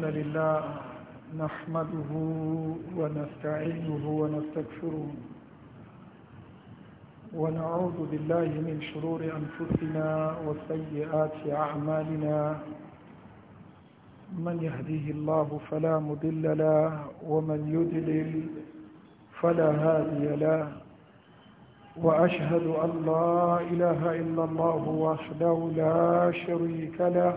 الحمد لله نحمده ونستعينه ونستغفره ونعوذ بالله من شرور أنفسنا وسيئات أعمالنا من يهديه الله فلا مضل له ومن يدلل فلا هادي له وأشهد أن لا إله إلا الله وحده لا شريك له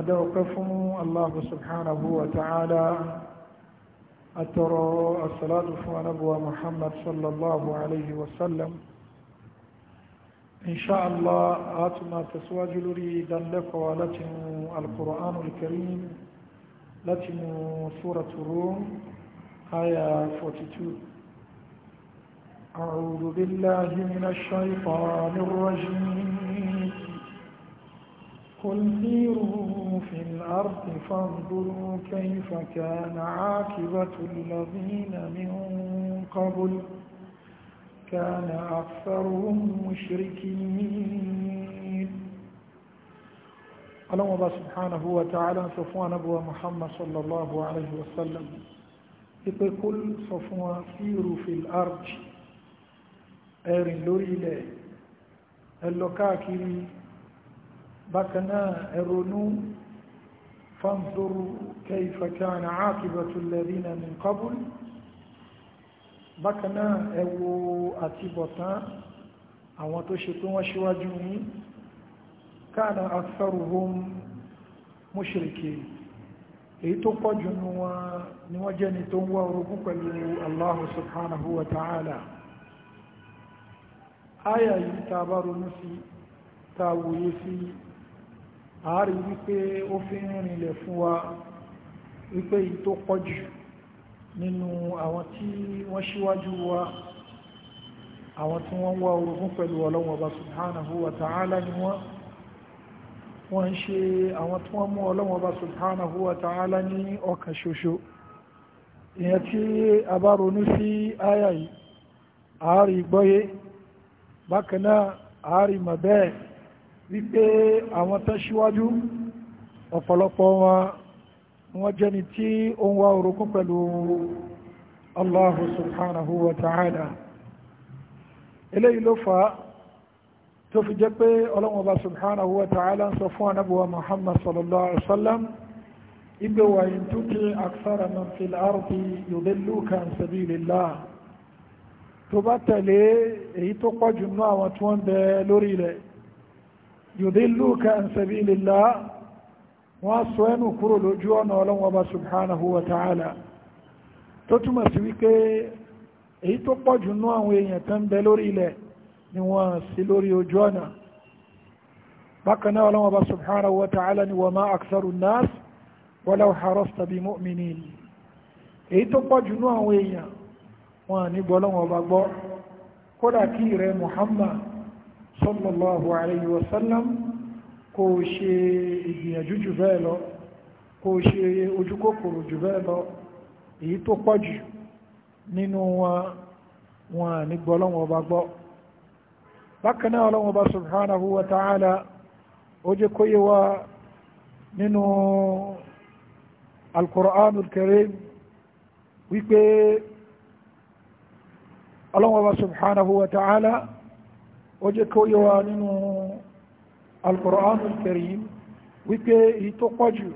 adáwọ̀pẹ́ fún الله سبحانه وتعالى اتروا الصلاه asalatu نبوه محمد صلى الله عليه وسلم ان شاء الله اتم تسواج ريدا دلك ولتم القرآن الكريم لتم سورة الروم آية 42 أعوذ بالله من الشيطان الرجيم قل سيروا الحق فانظروا كيف كان عاقبة الذين من قبل كان أكثرهم مشركين ألم الله سبحانه وتعالى صفوان أبو محمد صلى الله عليه وسلم يقول صفوان سيروا في الأرض ẹ̀rìn lórí ilẹ̀ ẹlọ káàkiri bákanáà فانظروا كيف كان عاقبة الذين من قبل بكنا ẹwò àtibọ̀tán àwọn tó ṣe pé wọ́n ṣíwájú ní كان أكثرهم مشركين èyí tó pọ̀jù ni wọ́n jẹ́ ni tó ń wá orogún pẹ̀lú Allah subhanahu wa ta'ala áyà yìí ta bá ronú sí ta wòye sí àárí wípé ó fi ń rinlẹ̀ fún wa wípé yìí tó pọ̀jù nínú àwọn tí wọ́n ṣíwájú wa àwọn tí wọ́n wá orogún pẹ̀lú Ọlọ́hun Ọba subhanahu wa ta'ala ni wọ́n wọ́n ṣe àwọn tí wọ́n mú Ọlọ́hun Ọba subhanahu wa ta'ala ní ọ̀kan ṣoṣo ìyẹn tí a bá ronú sí àyà yìí àárí gbọ́yé bákan àárí mọ̀ bẹ́ẹ̀ wípé àwọn tán síwájú ọ̀pọ̀lọpọ̀ wọn wọ́n jẹ́ni tí ó ń wá orogún pẹ̀lú Allahu subhanahu wa ta'ala eléyìí ló fa tó fi jẹ́ pé ọlọ́wọ́n bá subhanahu wa ta'ala ń sọ fún anábùwa Muhammad sallallahu alaihi wasallam igbe wa in tuti yudilluka an sabilillah wọ́n sọ ẹnu kúrò lójú ọ̀nà ọlọ́wọ́ bá subhanahu wa ta'ala tó túmọ̀ sí wípé èyí tó pọ̀ jù nú àwọn èèyàn tán bẹ lórí ilẹ̀ ni wọ́n sí lórí ojú ọ̀nà bákan náà ọlọ́wọ́ bá subhanahu wa ta'ala ni wa ma aktharu an-nas walau harasta bi mu'minin èyí tó pọ̀ jù nú àwọn èèyàn wọ́n ní gbọ́lọ́wọ́ bá gbọ́ kódà kí rẹ̀ Muhammad sallallahu alayhi wa sallam kò ṣe ìgbìyànjú jù bẹ́ẹ̀ lọ kò ṣe ojúkòkòrò jù bẹ́ẹ̀ lọ èyí tó pọ̀ jù nínú wọn wọn ní gbọ́ ọlọ́wọ́n ọba gbọ́ bákan náà ó jẹ́ kó yẹ wa nínú al-Qur'an al-Karim wípé èyí tó pọ̀jù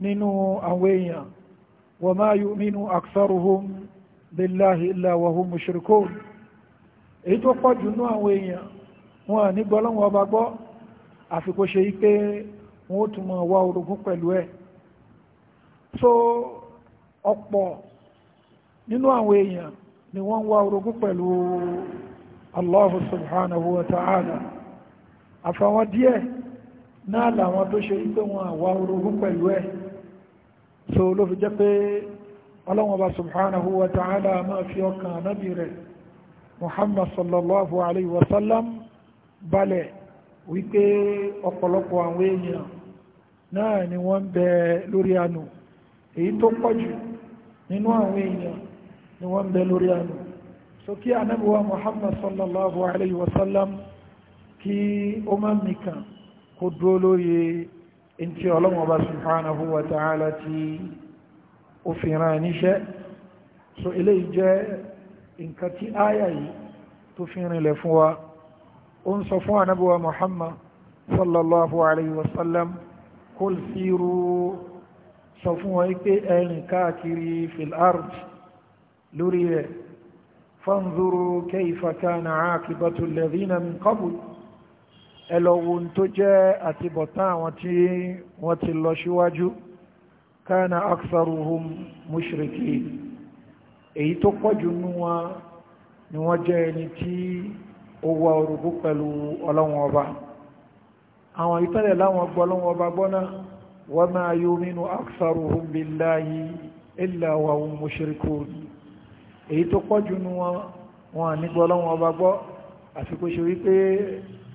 nínú àwọn èèyàn wa ma yu'minu aktharuhum billahi illa wa hum mushrikun èyí tó pọ̀jù nínú àwọn èèyàn wọn ní gbọ́lọ́wọ́ ọba gbọ́ àfikò ṣe yí wọn ó tún wá orogún pẹ̀lú ẹ̀ so ọ̀pọ̀ nínú àwọn èèyàn ni wọ́n wá orogún pẹ̀lú Allahu subhanahu wa ta'ala àfàwọn díẹ̀ náà làwọn tó ṣe wípé wọn àwà orogún pẹ̀lú ẹ̀ so ló fi jẹ́ pé ọlọ́wọ́ba subhanahu wa ta'ala máa fi ọkàn anábì rẹ̀ Muhammad sallallahu alayhi wa sallam balẹ̀ wípé ọ̀pọ̀lọpọ̀ àwọn èèyàn náà ni wọ́n bẹ lórí àánú èyí tó pọ̀jù nínú àwọn èèyàn ni wọ́n bẹ lórí àánú so kí anábíwá muhammad sallallahu alayhi wa sallam kí ó má mìkan kó dúró lórí in tí ọlọ́mọba subhanahu wa ta'ala ti ó fi rán níṣẹ́ so eléyìí jẹ́ nǹkan tí áyà yìí tó fi rinlẹ̀ fún wa ó ń sọ fún anábíwá muhammad sallallahu alayhi wa sallam kul siru sọ fún wa pé ẹ̀rìn káàkiri fil lórí rẹ̀ فانظروا كيف كان عاقبة الذين من قبل ẹlọ́wọ́ tó jẹ́ àtibọ̀tán àwọn tí wọ́n ti lọ síwájú kana aksaruhum mushriki èyí tó pọ̀jù nú wa ni wọ́n jẹ́ ẹni tí ó wà orùgbó pẹ̀lú ọlọ́wọ́n ọba àwọn ìtẹ́lẹ̀ láwọn gbọ́ ọlọ́wọ́n ọba gbọ́ná wa ma yuminu aksaruhum billahi illa wa hum mushrikun èyí tó pọ̀jù nu wọn wọn nígbà ọlọ́run ọba gbọ́ àfi kó ṣe wípé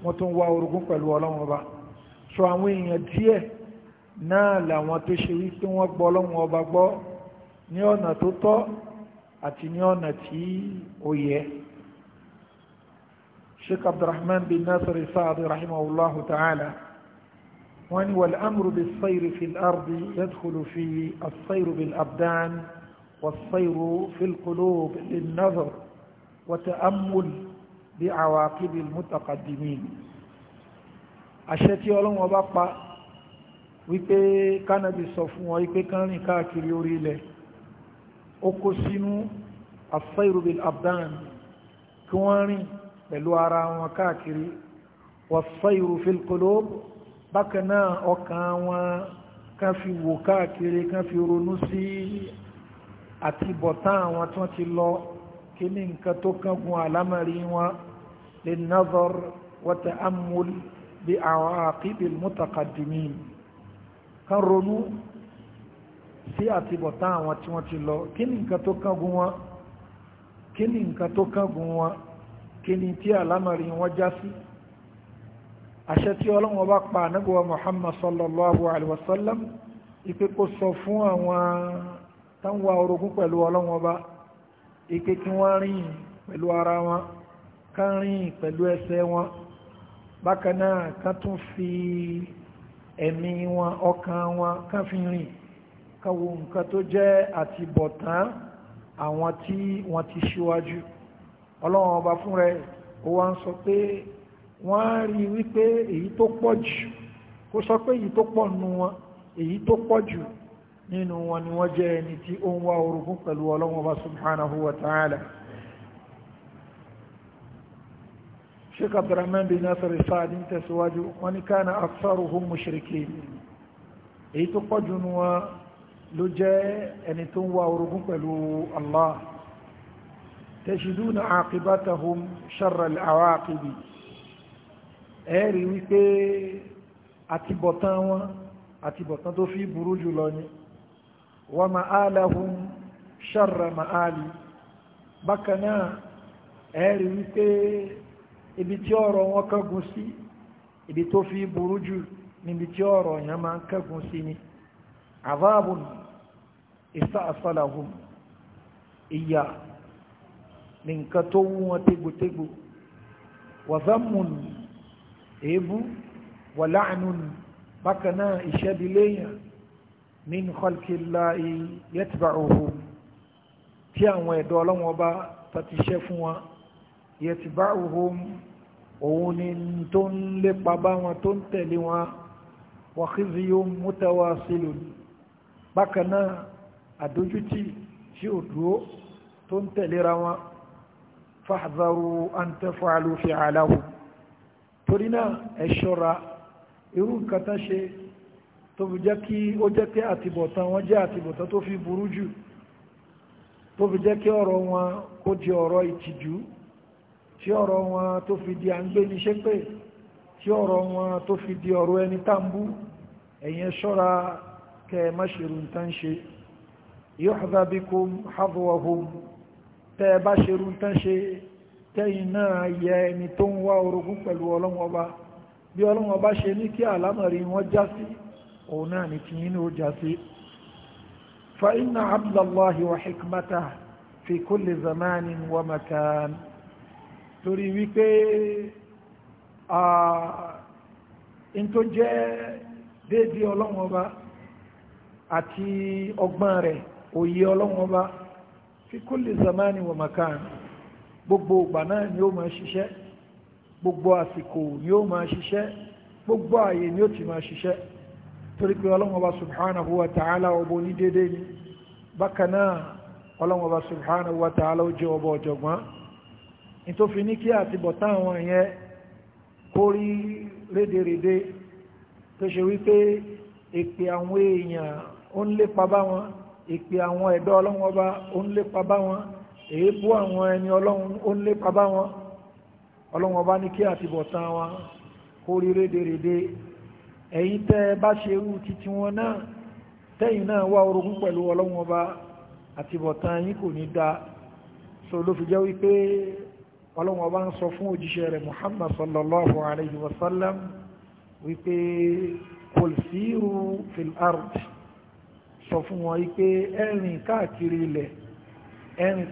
wọ́n tún wá orogún pẹ̀lú ọlọ́run ọba so àwọn èèyàn díẹ̀ náà làwọn tó ṣe wípé wọ́n gbọ́ ọlọ́run ọba gbọ́ ní ọ̀nà tó tọ́ àti ní ọ̀nà tí ó yẹ sheikh abdulrahman bin nasir saad rahimahullahu ta'ala wọ́n wal amru bis sayri fil ardi yadkhulu fi as-sayru bil abdan. والصير في القلوب للنظر وتأمل بعواقب المتقدمين أشتي tí Ọlọ́run Ọba pa wípé kánàbì sọ fún wọn wípé kán rìn káàkiri orí ilẹ̀ ó kó sínú as-sayru bil abdan kí wọ́n rìn pẹ̀lú ara wọn káàkiri was-sayru fil qulub bákan ọkàn wọn kan fi wò káàkiri kan fi ronú sí àti bọ̀tán àwọn tí wọ́n ti lọ kí ní nǹkan tó kángun àlámàrí wọn lè nazar wa ta'ammul bí àwọn àkíbìl mutaqaddimin kan ronú sí àti bọ̀tán àwọn tí wọ́n ti lọ kí ní nǹkan tó kángun wọn kí ní nǹkan tó kángun wọn kí ní tí àlámàrí wọn já sí àṣẹ tí ọlọ́wọ́n bá pa ànábọ̀wá muhammad sallallahu alaihi wasallam ipe kó sọ fún àwọn tán wá orogún pẹ̀lú ọlọ́wọ́n bá ike kí wọ́n rìn pẹ̀lú ara wọn kán rìn pẹ̀lú ẹsẹ̀ wọn bákan náà kán tún fi ẹ̀mí wọn ọkàn wọn kán fi rìn kán wo nǹkan tó jẹ́ àtibọ̀tán àwọn tí wọ́n ti ṣíwájú ọlọ́wọ́n ọba fún rẹ̀ ó wá ń sọ pé wọ́n á rí wípé èyí tó pọ̀ jù kó sọ pé èyí tó pọ̀ nù wọn èyí tó pọ̀ jù nínú wọn ni wọ́n jẹ́ ẹni tí ó ń wá orogún pẹ̀lú ọlọ́wọ́n bá subhanahu wa ta'ala sheikh abdulrahman bin nasir saadi ń tẹ̀síwájú wọn ni kana aktharuhum mushrikin èyí tó pọ̀jù nu wọn ló jẹ́ ẹni tó ń wá orogún pẹ̀lú allah tẹ̀sídúnà aqibatahum sharra al-awaqibi ẹ̀rí wípé àtibọ̀tán wọn àtibọ̀tán tó fi burú jùlọ ni ومآلهم شر مآلي بكنا ẹ̀rí wípé ibi tí ọ̀rọ̀ wọn kẹ́gùn sí ibi tó fi burú jù níbi tí ọ̀rọ̀ yẹn máa ń kẹ́gùn sí ni azabun ista'salahum ìyà ní nǹkan tó wú wọn tégbòtégbò wàzámùn èébú wàláàánú bákan náà ìṣẹ́bíléyàn min khalqillahi yatba'uhum tí àwọn ẹ̀dọ́ ọlọ́wọ́n bá tàti ṣẹ́ fún wọn yatba'uhum òun ni tó ń lépa bá wọn tó ń tẹ̀lé wọn wa khizyun mutawasilun bákan náà àdójútì tí ò dúró tó ń tẹ̀léra wọn fahzaru an taf'alu fi'alahu torí náà ẹ ṣọ́ra irú nǹkan tán ṣe tó fi jẹ́ kí ó jẹ́ pé àtibọ̀tán wọn jẹ́ àtibọ̀tán tó fi burú jù tó fi jẹ́ kí ọ̀rọ̀ wọn kó di ọ̀rọ̀ ìtìjú tí ọ̀rọ̀ wọn tó fi di àǹgbé ní ṣépè tí ọ̀rọ̀ wọn tó fi di ọ̀rọ̀ ẹni tàǹbú ẹ̀yin ṣọ́ra kẹ máṣerù ṣe yóò bikum hadwahum tẹ́ ṣe ní kí àlámọ̀rí wọn já sí òun náà ni tí yínú já sí fa inna abdullahi wa hikmata fi kulli zamanin wa makan torí wípé in tó jẹ́ dédé ọlọ́wọ́n bá àti ọgbọ́n rẹ̀ òye ọlọ́wọ́n bá fi kulli zamanin wa makan gbogbo ìgbà náà ni ó máa ṣiṣẹ́ gbogbo àsìkò ni ó máa ṣiṣẹ́ gbogbo ààyè ni ó ti máa ṣiṣẹ́ torí pé ọlọ́run ọba subhanahu wa ta'ala ọba onídéédé ni bákan náà ọlọ́run ọba subhanahu wa ta'ala ó jẹ́ ọba ọ̀jọ̀gbọ́n nítòfin ní kí àtibọ̀tán àwọn yẹn kó rí rédèrèdè tó ṣe wípé èpè àwọn èèyàn ó ń lépa bá wọn èpè àwọn ẹ̀dọ́ ọlọ́run ọba ó ń lépa bá wọn èébú àwọn ẹni ọlọ́run ó ń lépa bá wọn ọlọ́run ọba ní kí àtibọ̀tán wọn kó rí rédèrèdè ẹ̀yin tẹ́ bá ṣe irú títí wọn náà tẹ́yìn náà wá orogún pẹ̀lú ọlọ́run ọba àti bọ̀tán yín kò ní dá so ló fi jẹ́ wípé ọlọ́run ọba ń sọ fún òjíṣẹ́ rẹ̀ Muhammad ẹ̀rìn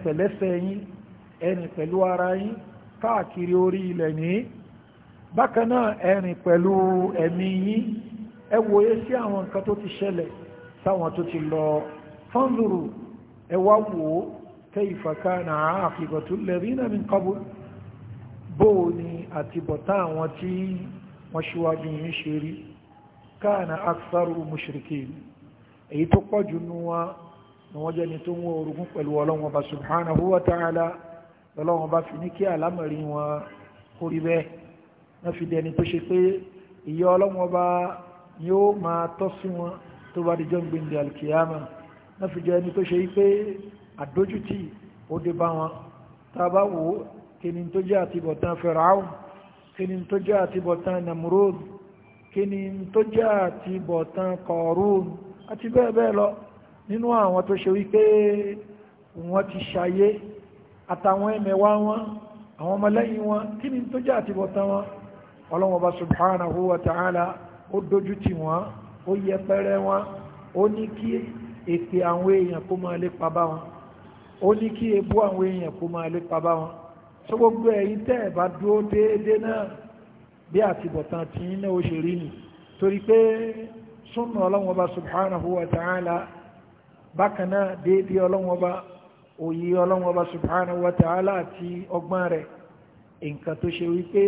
pẹ̀lẹ́sẹ̀ yín ẹ̀rìn pẹ̀lú ara yín káàkiri orí ilẹ̀ nìyí bákan náà ẹ̀rìn pẹ̀lú ẹ̀mí yín ẹ wòye sí àwọn nǹkan tó ti ṣẹlẹ̀ sáwọn tó ti lọ fọ́nzùrù ẹ ewa wò ó kayfa kana aqibatu alladhina min qabl bóò ni àti bọ̀tá àwọn tí wọ́n ṣíwájú yìí ṣe rí kana aktharu mushrikin èyí tó pọ̀ jù nú wa ni wọ́n jẹ́ ni tó ń wọ orogún pẹ̀lú ọlọ́run ọba subhanahu wa ta'ala lọ́lọ́run ọba fi ní kí wọ́n fi dẹni tó ṣe pé ìyà ọlọ́wọ́n bá yóò máa tọ́ sí wọn tó bá dijọ́ gbìndì alkiyama wọ́n fi jẹ́ ẹni tó ṣe pé àdójútì ó dé bá wọn tá bá wò ó kíni tó jẹ́ àtibọ̀tán Fáráò kíni tó jẹ́ àtibọ̀tán Namrud kíni tó jẹ́ àtibọ̀tán Kọ̀rún àti bẹ́ẹ̀ bẹ́ẹ̀ lọ nínú àwọn tó ṣe wípé wọ́n ti ṣayé àtàwọn ẹ̀mẹ̀wá wọn àwọn ọmọlẹ́yìn wọn kíni tó jẹ́ àtibọ̀tán wọn ọlọ́run ọba subhanahu wa ta'ala ó dojú tì wọ́n ó yẹpẹrẹ wọn ó ní kí èpè àwọn èèyàn kó máa lè pa bá wọn ó ní kí ebú àwọn èèyàn kó máa lè pa bá wọn tó gbogbo ẹ̀yin tẹ́ ẹ̀ bá dúró déédéé náà bí àtibọ̀tán tí ń náà ó ṣe rí ni torí pé súnà ọlọ́run ọba subhanahu wa ta'ala bákan náà déédéé ọlọ́run ọba òye ọlọ́run ọba subhanahu wa ta'ala àti ọgbọ́n rẹ̀ nǹkan tó ṣe wípé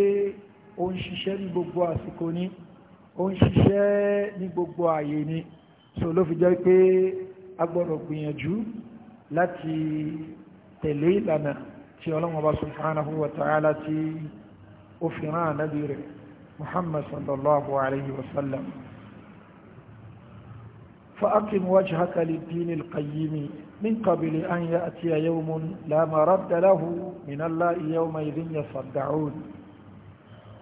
ó ń ṣiṣẹ́ ní gbogbo àsìkò ní ó ń ṣiṣẹ́ ní gbogbo ààyè ní so ló fi jẹ́ pé a gbọ́dọ̀ gbìyànjú láti tẹ̀lé ìlànà tí Ọlọ́hun Ọba subhanahu wa ta'ala tí ó fi rán ànábì rẹ̀ Muhammad sallallahu alayhi wa sallam فأقم وجهك للدين القيم من قبل أن يأتي يوم لا مرد له من الله يومئذ يصدعون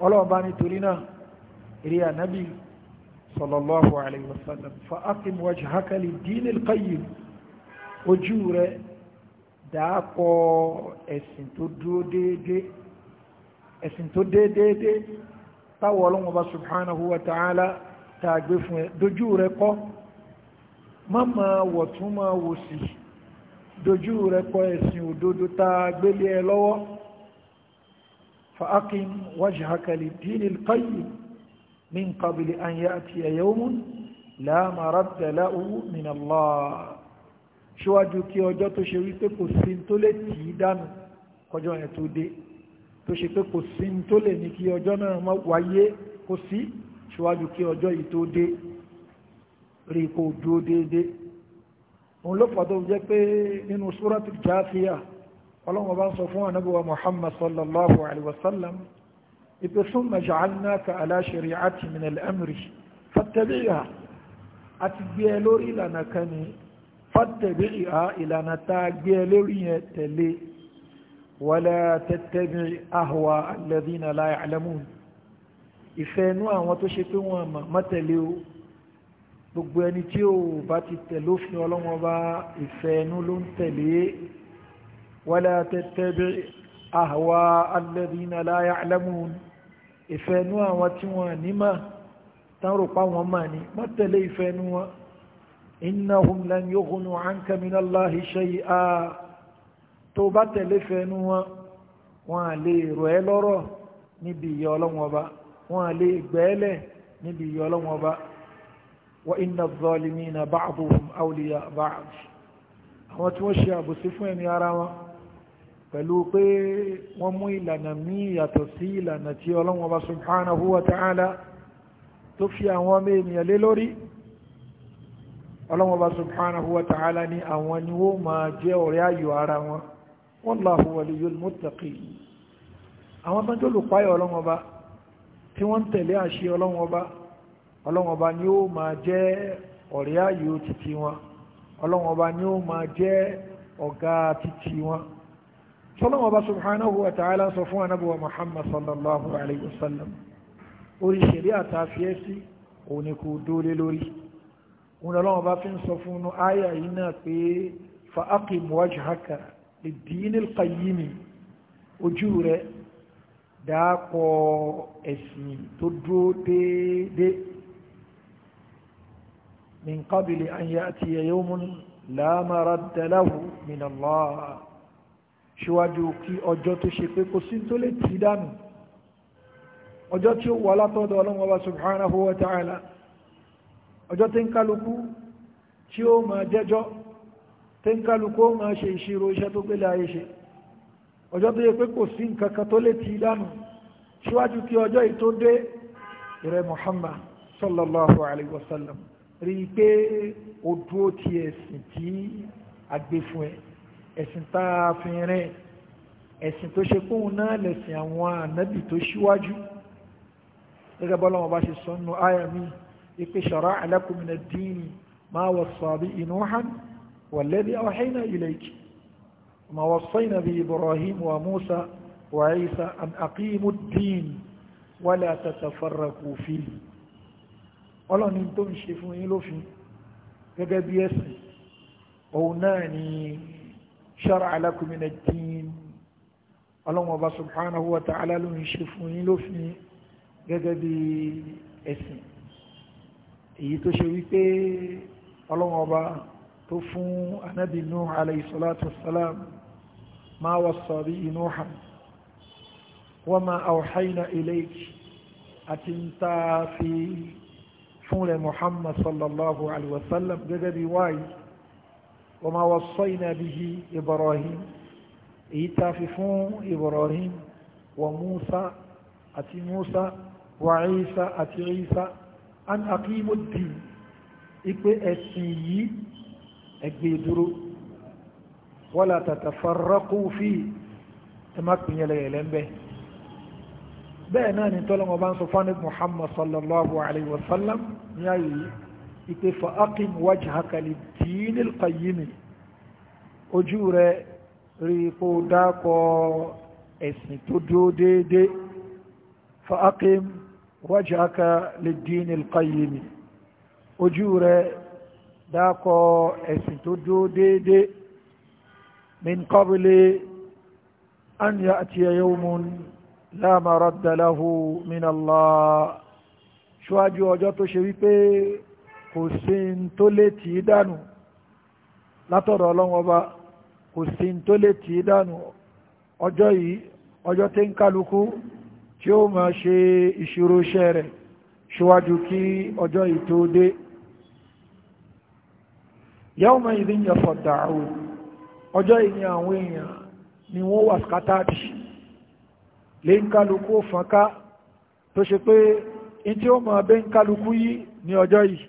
ọlọ́run bá nítorí náà eré ànábì sallallahu alayhi wa sallam fa aqim wajhaka lid-dinil qayyim ojú rẹ̀ dàápọ̀ ẹ̀sìn tó dúró déédéé ẹ̀sìn tó déédéé táwọn ọlọ́run bá subhanahu wa ta'ala tàgbé fún ẹ dojú rẹ̀ kọ́ má ma wòsì dojú rẹ̀ kọ́ ẹ̀sìn òdodo tàgbélé ẹ lọ́wọ́ فأقم وجهك للدين القيم من قبل أن يأتي يوم لا مرد له من الله ṣíwájú kí ọjọ́ tó ṣe wípé kò sí tó lè tì í dànù kọjọ́ yẹn tó dé tó ṣe pé kò sí tó lè ní kí ọjọ́ náà má wáyé kò sí ṣíwájú kí ọjọ́ yìí tó dé rí kò dúró déédéé òun ló fà tó jẹ́ pé nínú Suratul Jathiyah ọlọ́run bá ń sọ fún anábíwa muhammad sallallahu alaihi wasallam ipe summa ja'alnaka ala shari'ati min al-amri fattabi'ha àti gbé ẹ lórí ìlànà kan ní fattabi'ha ìlànà tá a gbé ẹ lórí yẹn tẹ̀lé wala tattabi' ahwa alladhina la ya'lamun ìfẹ́ inú àwọn tó ṣe pé wọ́n mọ̀ o gbogbo ẹni tí ò bá ti tẹ̀lé òfin bá ìfẹ́ inú ló ń tẹ̀lé ولا تتبع أهواء الذين لا يعلمون إفنوا وتوانما ترقى وماني ما تلي إفنوا إنهم لن يغنوا عنك من الله شيئا توبة لفنوا وعلي رويلورو نبي يولون وبا وعلي إقباله نبي يولون وبا وإن الظالمين بعضهم أولياء بعض àwọn tí wọ́n ṣe àbòsí fún ẹ̀mí ara wọn pẹ̀lú pé wọ́n mú ìlànà mí yàtọ̀ sí ìlànà tí ọlọ́wọ́n bá subhanahu wa ta'ala tó fi àwọn ọmọ ènìyàn lé lórí ọlọ́wọ́n bá subhanahu wa ta'ala ni àwọn ni ó máa jẹ́ ọ̀rẹ́ ayò ara wọn wallahu waliyul muttaqin àwọn tó jòlù páyọ̀ ọlọ́wọ́n bá wọ́n ń sọlọ́wọ́ bá subhanahu wa ta'ala sọ fún anábùwà muhammad sallallahu alayhi wa sallam orí ṣẹ̀rí àtàfíẹ́sì òun ni kò dóolé lórí òun lọ́wọ́ bá fi ń sọ fún un áyà yìí náà pé fa aqim wajhaka lid-din al-qayyim ojú rẹ̀ dáàpọ̀ ẹ̀sìn tó dúró déédéé min qabli an ya'tiya yawmun la maradda lahu min Allah ṣíwájú kí ọjọ́ tó ṣe pé kò sí tó lè tì dànù ọjọ́ tí ó wà látọ̀dọ̀ ọlọ́run ọba subhanahu wa ta'ala ọjọ́ tí ń kálukú tí ó máa jẹ́jọ́ tí ń kálukú ó máa ṣe ìṣirò iṣẹ́ tó gbélé ayé ṣe ọjọ́ tó yẹ pé kò sí nǹkan kan tó lè tì dànù ṣíwájú kí ọjọ́ yìí tó dé ìrẹ́ Muhammad sallallahu alayhi wa sallam rí i pé o dúró ti tí a fún ẹ ẹ̀sìn tá a fi rìn ẹ̀sìn tó ṣe kóhun náà lẹ̀sìn àwọn ànábì tó ṣíwájú gẹ́gẹ́ bọ́lá wọn bá ṣe sọ nínú àyà mi ipe shara'a lakum min ad-dini ma wassa bihi Nuhan walladhi awhayna ilayki ma wassayna bihi Ibrahim wa Musa wa Isa an aqimu ad-din wa la tatafarraqu fihi ọlọ́ni tó ń ṣe fún yín lófin gẹ́gẹ́ bí ẹ̀sìn òun náà ni شرع لكم من الدين، اللهم subhanahu wa ta'ala ló ń ṣe fún yín lófin gẹ́gẹ́ bí ẹ̀sìn èyí tó ṣe wípé ọlọ́wọ́n ọba tó fún anábì nuh alayhi salatu wassalam ma wasa bihi nuhan wa ma awhayna ilayki àti ń ta fi fún rẹ̀ muhammad sallallahu alayhi wa gẹ́gẹ́ bí wáyìí وما وصينا به إبراهيم إيتاففون إبراهيم وموسى أتي موسى وعيسى أتي عيسى أن أقيموا الدين إكبي أسيي إكبي درو ولا تتفرقوا فيه تمك من يلي به bẹ́ẹ̀ náà ni tọ́lọ́mọ bá ń sọ fánib muhammad sallallahu alayhi wa sallam ní ayé dinil qayyimi ojú rẹ rí ipò dákọ ẹ̀sìn tó dúó déédéé fa aqim wajhaka lid dinil qayyimi ojú rẹ dákọ ẹ̀sìn tó dúó déédéé min qabli an ya'tiya yawmun la maradda lahu min Allah ṣíwájú ọjọ́ tó ṣe wípé kò sí tó lè tì í látọ̀rọ̀ ọlọ́run ọba kò sí tó lè ọjọ yi ọjọ ọjọ́ yìí ọjọ́ tí ń kálukú tí ó máa ṣe ìṣirò iṣẹ́ rẹ̀ ṣíwájú kí ọjọ́ yìí tó dé yawma idhin yasadda'un ọjọ́ yìí ni àwọn èèyàn ni wọ́n wà skátàdì lè ń kálukú fọ́nká tó ṣe pé in tí ó máa bẹ́ ń kálukú yìí ní ọjọ́ yìí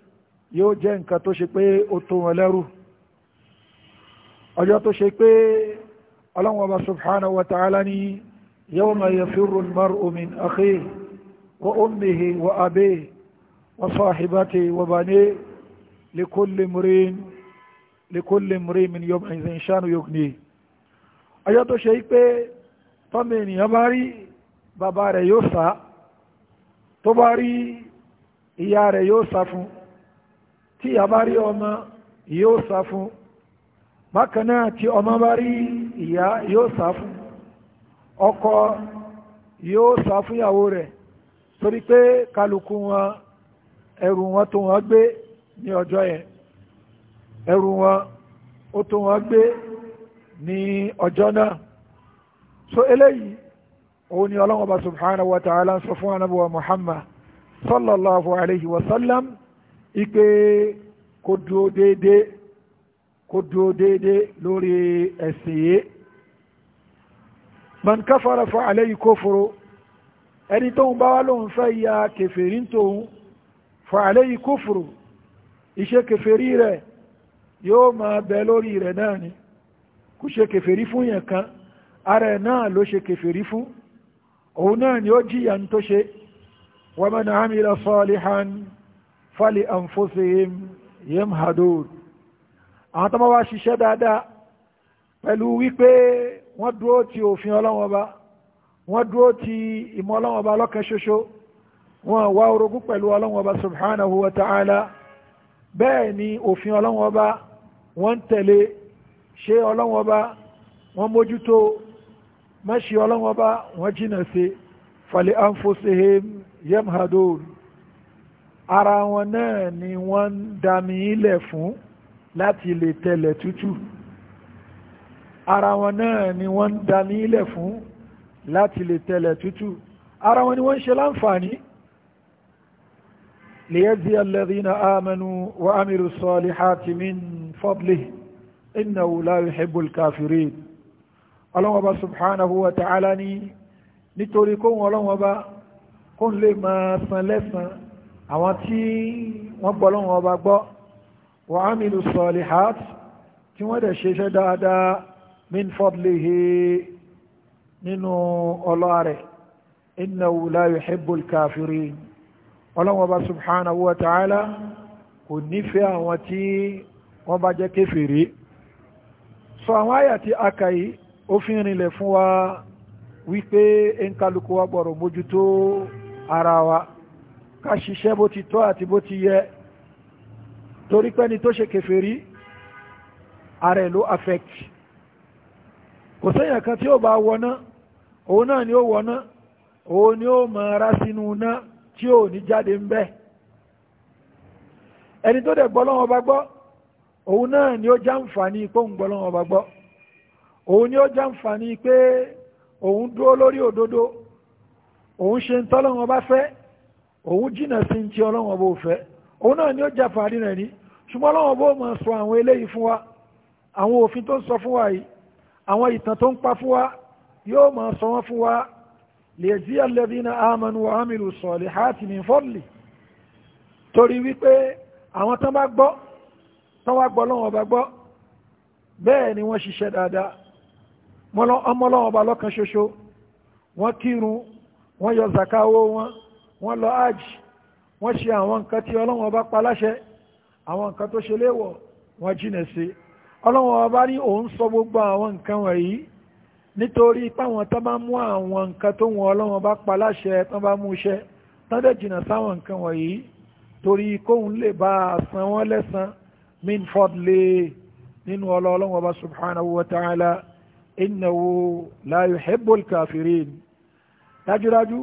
yóò jẹ́ ọjọ́ tó ṣe pé ọlọ́wọ́n ọba subhanahu wa ta'ala ní yawma yafirru al-mar'u min akhihi wa ummihi wa abihi wa sahibatihi wa banihi likulli mrin likulli mrin min yawma'idhin sha'nun yughnihi ọjọ́ tó ṣe pé tọ́mọ ènìyàn bá rí bàbá rẹ̀ yóò sá tó bá rí ìyá rẹ̀ yóò sá fún tí ìyá bá rí ọmọ yóò sá fún bákan náà tí ọmọ bá rí ìyá yóò sá fún ọkọ yóò sá fún ìyàwó rẹ̀ torí pé kálukú wọn ẹrù wọn tó wọn gbé ní ọjọ́ yẹn ẹrù wọn ó tó wọn gbé ní ọjọ́ náà so eléyìí òun ni ọlọ́wọ́ bá subhanahu wa ta'ala ń sọ fún anábọ̀wá muhammad sallallahu alayhi wa sallam ipe kò dúró déédéé kó dúró déédéé lórí ẹ̀sìn yìí man káfàrà fún alẹ́ yìí kó fòrò ẹni tóun bá wá lóun fẹ́ ya kẹfẹ́rí tóun fún alẹ́ yìí kó fòrò iṣẹ́ kẹfẹ́rí rẹ̀ yóò máa bẹ lórí rẹ̀ náà ni kò ṣe kẹfẹ́rí fún yẹn kan ara ẹ̀ náà ló ṣe kẹfẹ́rí fún òun náà ni ó jìyà tó ṣe wa man amila salihan fali anfusihim yamhadun àwọn tó máa wá ṣiṣẹ́ dáadáa pẹ̀lú wípé wọ́n dúró ti òfin ọlọ́wọ́n ọba wọ́n dúró ti ìmọ̀ ọlọ́wọ́n ọba lọ́kàn ṣoṣo wọ́n wá orogún pẹ̀lú ọlọ́wọ́n ọba subhanahu wa ta'ala bẹ́ẹ̀ ni òfin ọlọ́wọ́n ọba wọ́n tẹ̀lé ṣe ọlọ́wọ́n ọba wọ́n mójútó mẹ́ṣe ọlọ́wọ́n ọba wọ́n jìnà sí fali anfusihim yamhadun ara wọn náà ni wọ́n dami ilẹ̀ fún láti lè tẹ̀lẹ̀ tútù ara wọn náà ni wọ́n ń da ní ilẹ̀ fún láti lè tẹ̀lẹ̀ tútù ara wọn ni wọ́n ṣe láǹfààní ليجزي الذين آمنوا وعملوا الصالحات من فضله إنه لا يحب الكافرين ọlọ́wọ́ bá subhanahu wa ta'ala ní nítorí kó wọn ọlọ́wọ́ bá kó lè máa san lẹ́san àwọn tí wọ́n gbọ́ gbọ́ wa amilu salihat tí wọ́n dẹ̀ ṣeṣẹ́ dáadáa min fadlihi nínú ọlá rẹ̀ innahu la yuhibbul kafirin ọlọ́wọ́n bá subhanahu wa ta'ala kò nífẹ̀ẹ́ àwọn tí wọ́n bá jẹ́ kéfèrè sọ àwọn àyà tí a kà ó fi rinlẹ̀ fún wa wípé ẹnkálukú wa gbọ́dọ̀ mójútó ara wa ká ṣiṣẹ́ bó ti tọ́ àti bó ti yẹ torí pẹ́ni tó ṣe kèfèrí ààrẹ ló affect kò sẹ́yìn kan tí ó bá wọná òun náà ni ó wọná òun ni ó mọ̀ ara sínú iná tí ò ní jáde ń bẹ́ ẹni tó dẹ̀ gbọ́lọ́wọ́ bá gbọ́ òun náà ni ó jàǹfààní pé òun gbọ́lọ́wọ́ bá gbọ́ òun ni ó jàǹfààní pé òun dúró lórí òdodo òun ṣe ń tọ́lọ́wọ́ bá fẹ́ òun jìnà sí ti ọlọ́wọ́ bó fẹ́ òun náà ni ó jà fàárí rẹ̀ ní ṣùgbọ́n ọlọ́wọ́n bó mọ̀ sọ àwọn eléyìí fún wa àwọn òfin tó ń sọ fún wa yìí àwọn ìtàn tó ń pa fún wa yóò mọ̀ sọ wọ́n fún wa lèzi alladhina amanu wa amilu salihati min fadli torí wípé àwọn tán bá gbọ́ tán wá gbọ́ lọ́wọ́n bá gbọ́ bẹ́ẹ̀ ni wọ́n ṣiṣẹ́ dáadáa ọmọ lọ́wọ́n bá lọ́kan ṣoṣo wọ́n kírun wọ́n yọ zakawo wọn wọ́n lọ ájì wọ́n ṣe àwọn nǹkan tí ọlọ́wọ́n bá pa láṣẹ àwọn nǹkan tó ṣe léèwọ̀ wọ́n jìnà sí ọlọ́wọ́n bá ní òun sọ gbogbo àwọn nǹkan wọ̀nyí nítorí páwọn tán bá mú àwọn nǹkan tó wọn ọlọ́wọ́n bá pa láṣẹ tán bá mú iṣẹ́ tán dẹ̀ jìnà sáwọn nǹkan wọ̀nyí torí kóun lè bá a san wọ́n lẹ́san min fadli nínú ọlọ́wọ́n bá subhanahu wa ta'ala innahu la yuhibbul kafirin dájúdájú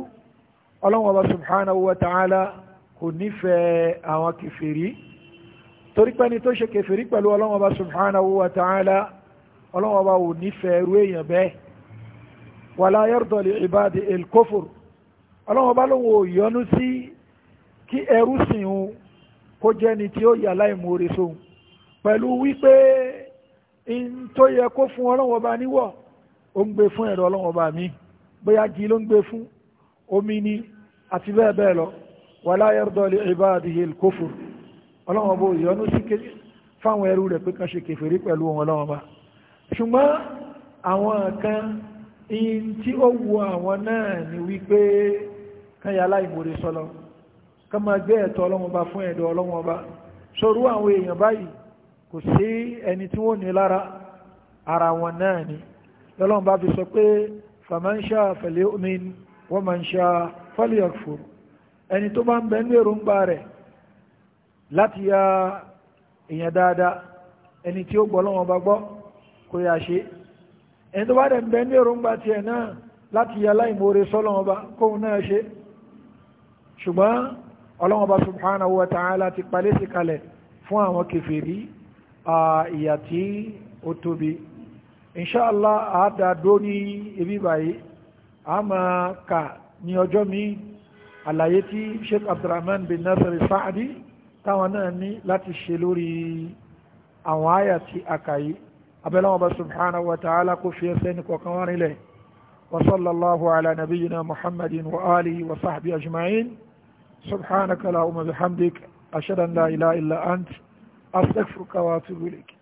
ọlọ́wọ́n bá subhanahu wa ta'ala kò nífẹ̀ẹ́ àwọn kèfèrí torí pé ẹni tó ṣe kèfèrí pẹ̀lú ọlọ́run ọba subhanahu wa ta'ala ọlọ́run ọba ò nífẹ̀ẹ́ irú èèyàn bẹ́ẹ̀ wala yarda li ibadi el kófòrò ọlọ́run ọba sí kí ẹrú sìn un kó jẹ́ni tí ó yà láìmoore sóhun pẹ̀lú wípé in tó yẹ kó fún ọlọ́run níwọ̀ ó ń gbé fún ẹ̀rọ ọlọ́run mi bóyá gi ló ń gbé fún omi ni àti bẹ́ẹ̀ bẹ́ẹ̀ lọ wàlá yẹ́rọ̀dọ̀ lè ìbáàdìyẹ kófù ọlọ́wọ́n bó yọnú sí fáwọn ẹrú rẹ̀ pé kan ṣe kèfèrí pẹ̀lú wọn lọ́wọ́n bá ṣùgbọ́n àwọn kan in tí ó wu àwọn náà ni wípé kan yà láìmòrè sọlọ kan máa gbé ẹ̀tọ́ ọlọ́wọ́n bá fún ẹ̀dọ̀ ọlọ́wọ́n bá ṣorú àwọn èèyàn báyìí kò sí ẹni tí wọ́n ní lára ara wọn náà ni lọ́lọ́wọ́n bá fi sọ pé faman sha falyu'min wa man sha falyakfur ẹni tó bá ń bẹ ní èròǹgbà rẹ̀ láti ya èèyàn dáadáa ẹni tí ó gbọ́ lọ́wọ́ bá gbọ́ kó yá ṣe ẹni tó bá dẹ̀ ń bẹ ní èròǹgbà tiẹ̀ náà láti ya láìmoore sọ́lọ́wọ́ bá kóhun náà ṣe ṣùgbọ́n ọlọ́wọ́ bá subhanahu wa ta'ala ti palẹ́ sí kalẹ̀ fún àwọn kèfèrí ìyà tí ó tóbi inṣáàlá àádá dó ibi báyìí a máa kà ní ọjọ́ míì àlàyé tí sheikh abdulrahman bin nasir saadi táwọn náà ní láti ṣe lórí àwọn àyà tí a kà yìí abẹ́lẹ́ wọn bá subhanahu wa ta'ala kó fi ẹsẹ̀ ní kọ̀ọ̀kan wọn rinlẹ̀ wa sallallahu ala nabiyyina muhammadin wa alihi wa sahbihi ajma'in subhanaka la umma bihamdik ashhadu la ilaha illa ant astaghfiruka wa atubu ilayk